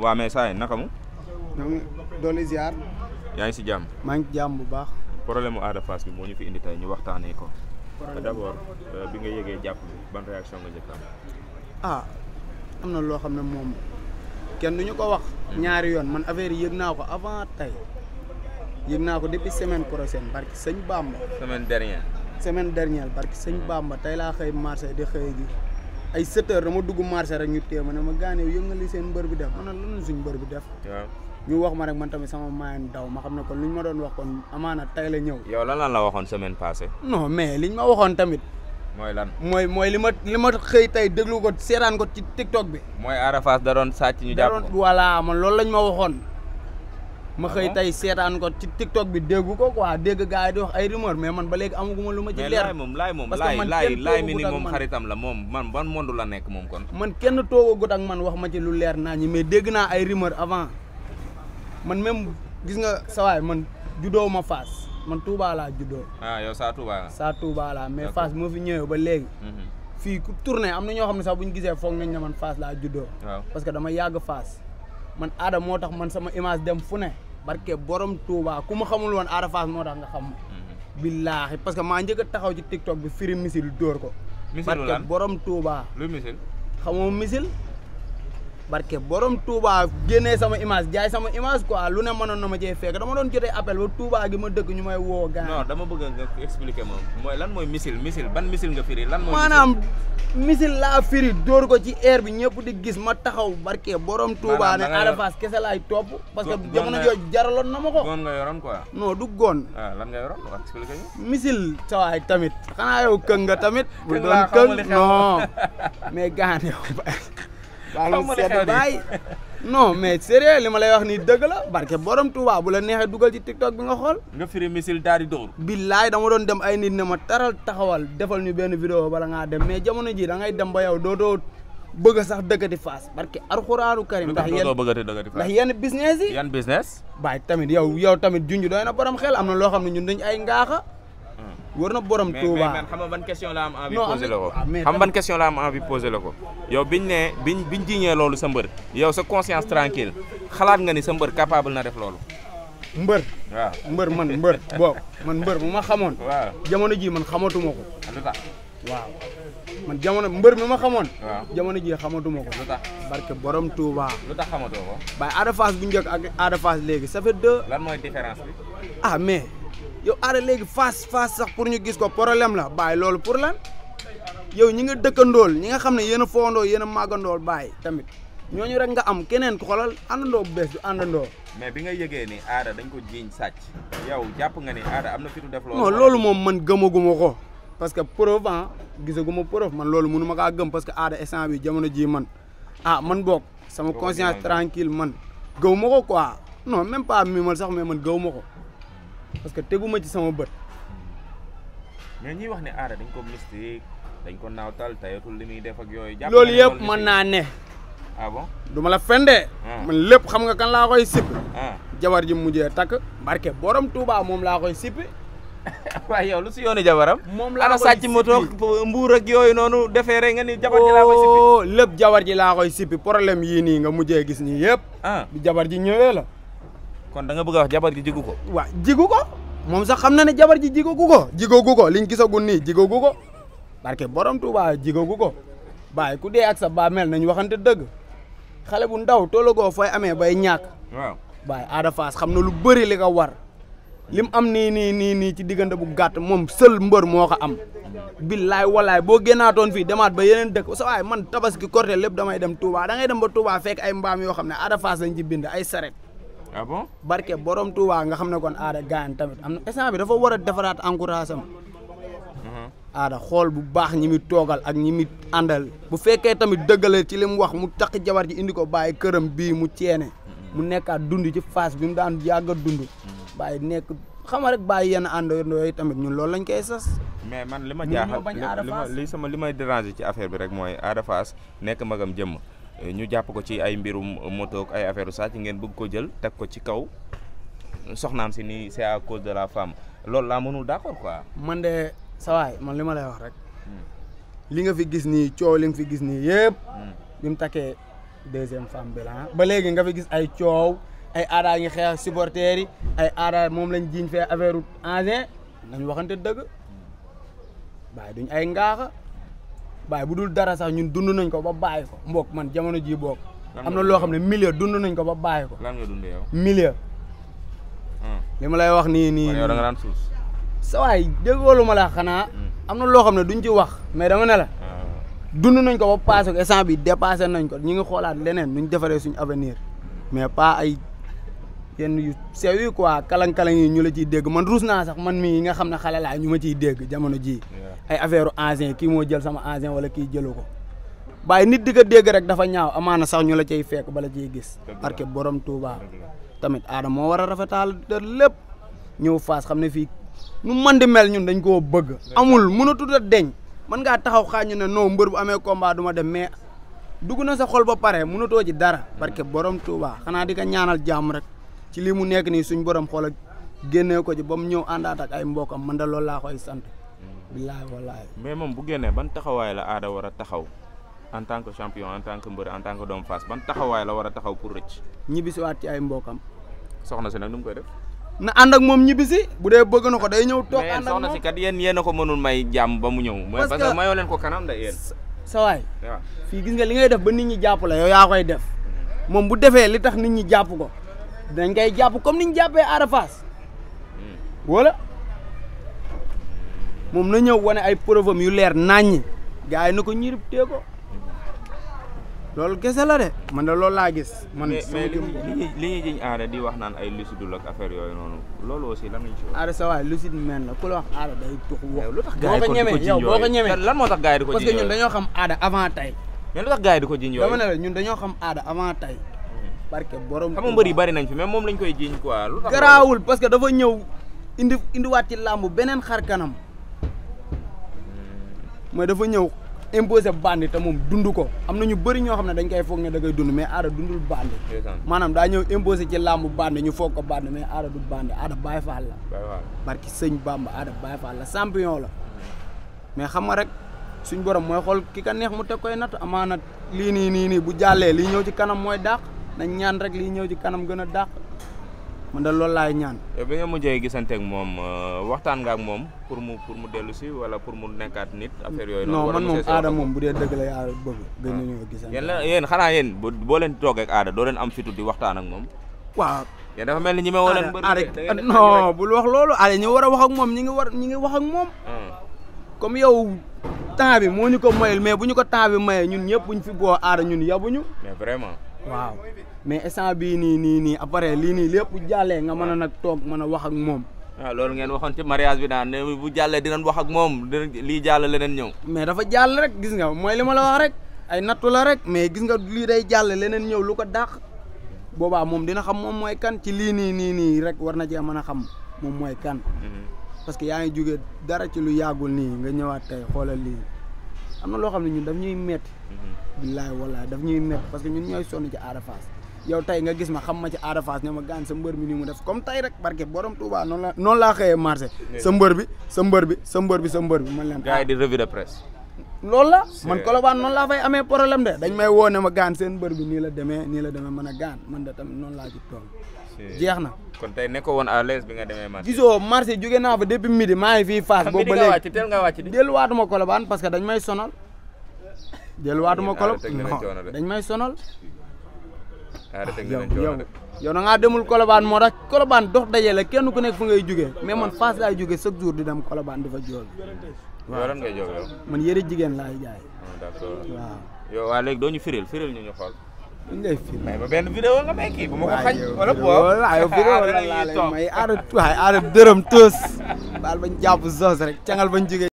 waa mais saa yi naka mu. doole ziar. yaa ngi si jàmm. maa ngi jàmm bu baax. problème mu Ada bi moo ñu fi indi tey ñu waxtaanee ko. d' abord euh, bi nga yëgee jàpp bi ban réaction nga njëkk am. ah am na loo xam ne moom kenn du ñu ko wax. Hmm. ñaari yoon man affaire yi yëg naa ko avant tey yëg naa ko depuis semaine prochaine barki sëñ Bamba. semaine dernière. semaine dernière barki sëñ baam hmm. ba tey laa xëy marché di xëy gi. ay 7 dama dugg marché rek ñu téye ma ne ma gaañee li seen mbër bi def ma ne lan suñ mbër bi def. waaw ñu wax ma rek man tamit sama maayan daw ma xam ne kon li ñu ma doon wax kon amaana tey la ñëw. yow la lan la waxoon semaine passée. non mais ñu ma waxoon tamit. mooy lan mooy mooy li ma li ma xëy tey déglu ko seetaan ko ci TikTok bi. mooy Arafaas da doon sàcc ñu jàpp ko. voilà man loolu lañ ma waxoon. ma xëy ah tey seetaan ko ci TikTok bi dégg ko quoi dégg gars yi di wax ay rumeur mais man ba léegi amaguma lu ma ci leer. moom laay moom laay laay laay mi ni moom la moom man ban monde la nekk moom kon. man kenn toogagut ak man wax ma ci lu leer naa ñi mais dégg ay rumeur avant man même gis nga sawaay man juddoo ma Fass man Touba laa juddoo. ah yow saa mais Fass moo fi ñëwee ba léegi. Mhm. fii ku tourné am na ñoo xam ne sax bu ñu gisee foog nañ ne man Fass laa juddoo. parce que dama yàgg faas man aada moo tax man sama image dem fu ne. barke borom Touba ku ma xamul woon Ada Fass moo tax nga xam. Mhm. billaahi parce que maa njëkk a taxaw ci TikTok bi firi misil dóor ko. misil borom Touba. lu misil xamoo misil. barke borom Touba génnee sama image jaay sama image quoi lu ne mënoon na ma cee fekk dama doon jotee appel ba Touba gi ma dëkk ñu may woo. gars non dama bëgg nga expliquer mooy lan mooy missile missile ban missile nga firi lan mooy. maanaam missile laa firi dóor ko ci air bi ñëpp di gis ma taxaw barke borom. Touba ne Ada Fass kese laay topp. parce que jamono jooju jaraloon na ma ko. goon nga yoroon quoi. du goon. waaw ah, lan nga yoroon wax expliquer ñu. missile tamit xanaa yow këng nga tamit. bu doon këng non mais gaañ yow. xam non mais sérieux li ma lay wax nii dëgg la barke borom Touba bu la neexee dugal ci TikTok bi nga xool. nga firi misil daal di dóor. billaay dama doon dem ay nit ne ma taral taxawal defal ñu benn video bala ngaa dem mais jamono ji da ngay dem ba yow doo bëgg a sax dëggati faas barke arxuraanu karim. ndax yenn ndax yenn business yi. yan business. baay tamit yow yow tamit junj doo na borom xel am na loo xam ne ñun dañ ay ngaaxa. war na borom Touba ah, mais xam nga ban question la am envie posé la ko xam ban question la am ko yow biñ ne biñ biñ jiñee loolu sa mbër yow sa conscience tranquille xalaat nga ni sa mbër capable na def loolu mbër mbër man mbër man mbër bu ma xamoon waaw jamono ji man xamatuma ko ah, lu tax man jamono mbër mi ma xamoon jamono ji xamatuma ko lu tax barke borom Touba lu tax xamatoo ko waaye Ada Fass léegi ça fait deux lan ah mais yow aada léegi face face sax pour ñu gis ko problème la baay loolu pour lan yow ñi nga dëkkandool ñi nga xam ne yéen a foondoo yéen a màggandool bàyyi tamit ñooñu rek nga am keneen ku xoolal àndandoo bu bees du àndandoo. mais bi nga yëgee ni aada dañ ko jiiñ sàcc. yow jàpp nga ni aada am na fi du def loolu. loolu moom man gëmaguma ko parce que preuve ah gisaguma preuve man loolu mënu ma kaa gëm parce que aada instant bi jamono ji man ah man boog sama conscience tranquille man gëw ma ko quoi non même pas mimal sax mais man gëw ko. parce que teguma ci sama bët. mais ñuy wax ne aada dañ ko dañ ko naawtal li muy def yooyu. jàpp yëpp mën naa ne. ah bon du ma la fendee. Ah. man lépp xam nga kan laa koy sippi. Ah. jabar ji mujjee takk barke borom Touba moom laa koy sippi. waaw lu si yoonu jabaram. moom laa koy sippi moto mbuur yooyu noonu defee rek nga ni jabar ji laa koy oh, ji laa koy sippi problème yii nii nga mujjee gis nii yëpp. bi ah. jabar ji ñëwee la. kon danga nga bëgg a wax jabar ji jigu ko. waaw jigu ko moom sax xam na ne jabar ji jigu ko jigagu ko liñ gisagul nii jigagu ko barke borom Tuuba jigagu ko baay ku dee ak sa baa mel nañ waxante dëgg xale bu ndaw tollagoo fooy amee bay ñàkk. waaw baay Ada Fass xam na lu bëri li ka war lim am nii nii nii nii ci diggante bu gàtt moom sël mbër moo ko am. billaay walaay boo génnaatoon fii demaat ba yeneen dëkk sa waay man ki korte lépp damay dem Touba da ngay dem ba Touba fek ay mbaam yoo xam ne Ada Fass lañ ci bind ay saret ah bon barke borom Touba nga xam ne kon aada gaañ tamit am na instant bi dafa war a defaraat encourage am. Uh-huh. aada xool bu baax ñi muy toogal ak ñi muy àndal. bu fekkee tamit dëggale ci li mu wax mu taq jabar ji indi ko bàyyi këram bii mu ceene. Uh-huh. mu nekkaat dund ci phase bi mu daan yàgg a dund. Uh-huh. bàyyi nekk xam rek bàyyi yenn àndandoo yooyu tamit ñun loolu lañ koy sas. mais man li ma jaaxal li sama li may déranger ci affaire bi rek mooy Ada Fass nekk magam jëmm. ñu jàpp ko ci ay mbirum moto ay affaire sàcc ngeen bëgg ko jël teg ko ci kaw soxnaam si ni c'est à cause de la femme loolu laa mënul d'accord quoi. man de sa man li ma lay wax rek. Hmm. li nga fi gis nii coow li nga fi gis nii yëpp. Hmm. bi mu takkee deuxième femme bi la ah. ba léegi nga fi gis ay coow ay aadaa ngi xeex supporters yi ay aadaa moom lañ jiiñ fee affaire engin nañ waxante dëgg hmm. waaye duñ ay ngaaxa. bàyyi bu dul dara sax ñun dund nañ ko ba bàyyi ko mbokk man jamono ji bokk am na loo xam ne milieu dund nañ ko ba bàyyi ko lan nga dundee yow milieu hmm. li ma lay wax nii nii yow da nga daan suus sa waay ma la xanaa hmm. am na loo xam ne duñ ci wax mais dama ne la hmm. dund nañ ko ba passé ko instant bi dépassé nañ ko ñi ngi xoolaat leneen nuñ defaree suñu avenir mais pas ay yenn yu sew quoi kalang-kalang yi ñu la ciy dégg man ruus naa sax man mii nga xam ne xale laa ñu ma ciy dégg jamono jii ay affaire ancien kii moo jël sama ancien wala kii jëlu ko bàyyi nit di ko dégg rek dafa ñaaw amaana sax ñu la cay fekk bala ciy gis barke borom Touba tamit aadama moo war a rafetaal de lépp ñëw faas xam ne fii nu man di ñun dañ koo bëgg amul mënatut deñ mën ngaa taxaw xaaj ñu ne mbër bu amee combat du dem mais dugg na sa xol ba pare mënatoo ci dara barke borom Touba xanaa di ko ñaanal jàmm rek ci lii mu nekk nii suñ borom xoolal génnee ko ci ba mu ñëw àndaat ak ay mbokam man da loolu laa koy sant. billaay wallaay. mais moom bu génnee ban taxawaay la aada war a taxaw en tant que champion en tant que mbër en tant que doomu Fass ban taxawaay la war a taxaw pour rëcc. ñibbisiwaat ci ay mbokam soxna si nag nu mu koy def. na ànd ak moom ñibbisi bu dee bëgg na ko day ñëw toog ànd ak moom mais kat yéen yéen ko mënul may jàmm ba mu ñëw. parce que parce mayoo leen ko kanam da yéen. sa fii gis nga li ngay def ba nit ñi jàpp la yow def moom bu defee li tax nit ñi jàpp ko dañ koy jàpp comme ni ñu jàppee Ada wala moom na ñëw wane ay preuve yu leer naññ gars yi na ko ñirib tee ko loolu gese la de man de loolu laa gis. man mais li di wax naan ay lucide ak affaire yooyu noonu loolu aussi lan lañ ci wax. aada sa waay la ku la wax aada day tux wax. lu tax gars yi ko jiñ yow boo lan moo tax gars di ko jiñ parce dañoo xam aada avant tey. mais lu tax gars di ko jiñ yooyu. dama ne la ñun dañoo xam aada avant tey. barke borom. xam nga yi bari nañ fi mais moom lañ koy jiiñ quoi. lu parce que dafa ñëw indi indiwaat ci làmb beneen xar kanam hmm. mooy dafa ñëw imposé bandi te moom dund ko am nañu ñu bëri ñoo xam ne dañ koy foog ne da koy dund mais aada dundul bandi. maanaam daa ñëw imposé ci làmb bandi ñu foog ko bandi mais aada du bandi aada Baay Faal la. barki sëñ Bamba aada Baay Faal la champion la hmm. mais xam nga rek. suñ borom mooy xool ki ka neex mu teg koy amaa amaana lii nii nii nii bu jàllee li ñëw ci kanam mooy dàq nañ ñaan rek lii ñëw ci kanam gën a dàq mën da loolu laay ñaan. yow bi nga mujjee gisante ak moom euh, waxtaan nga ak moom pour mu pour mu dellu si wala pour mu nekkaat nit affaire yooyu. non man moom aada moom bu dee dëgg la yaa bëgg. Ah. gën nañoo gisante yéen la yéen xanaa toogee ak aada am fitu di waxtaan ak moom. waaw. yéen dafa mel ni ñi ma woo leen. bëri non bul ñu war a wax ak moom ñi ngi war ñi ngi wax ak moom. Ah. comme yow temps bi moo ñu ko mayul mais bu ñu ko temps bi mayee ñun ñëpp buñ fi boo aada ñun yabuñu. mais vraiment. waaw mais instant bii nii nii nii après lii nii lépp jàllee nga mën a nag toog mën a wax ak moom. waaw ah, loolu ngeen waxoon ci mariage bi naan ne bu jàllee dinañ wax ak moom lii jàll leneen ñëw. mais dafa jàll rek gis nga mooy li ma la wax rek ay nattu la rek mais gis nga lii day jàll leneen ñëw lu ko dàq boobaa moom dina xam moom mooy kan ci lii nii nii nii rek war na cee mën a xam moom mooy kan. Mhm. parce que yaa ngi jóge dara ci lu yàggul nii nga ñëwaat tey xoolal lii. am na loo xam ne ñun daf ñuy metti mm-hmm. billaay walaay daf ñuy metti parce que ñun ñooy sonn ci Ada Fass yow tey nga gis ma xam ma ci Ada ne ma gaan sa mbër mi ni mu def comme tey rek barke borom Touba noonu la noonu laa xëyee marché sa mbër bi sa mbër bi sa mbër bi sa mbër bi man leen gars yi di revue de presse loolu la man Colobane noonu laa fay amee problème de dañ may woo ne ma gaan seen mbër bi nii la demee nii la demee mën a gaan man de tamit noonu laa ci tool jeex na. kon tey nekkoo woon à l'aise bi nga demee marché. gisoo marché jóge naa fa depuis midi maa ngi fii Fass. boobu ba léegi xam midi nga wàcc teel nga wàcc di. delluwaatuma Colobane parce que dañ may sonal. delluwaatuma Colobane non dañ may sonal. Ah, yow yow da ngaa demul Colobane moo tax Colobane dox daje kenn ku nekk fu ngay jógee mais man Fass laay jógee chaque jour di dem Colobane di fa jóol. waaw lan ngay jóg yow. man yëre jigéen laay jaay. Ah, d'accord waaw. yow waa ñu lay may ma benn vidéo nga may kii bu ma ko xañ. wala boobu waaye vidéo la laa lay may aada waaye dërëm toos baal bañ jàpp zoos rek cangal bañ jógee.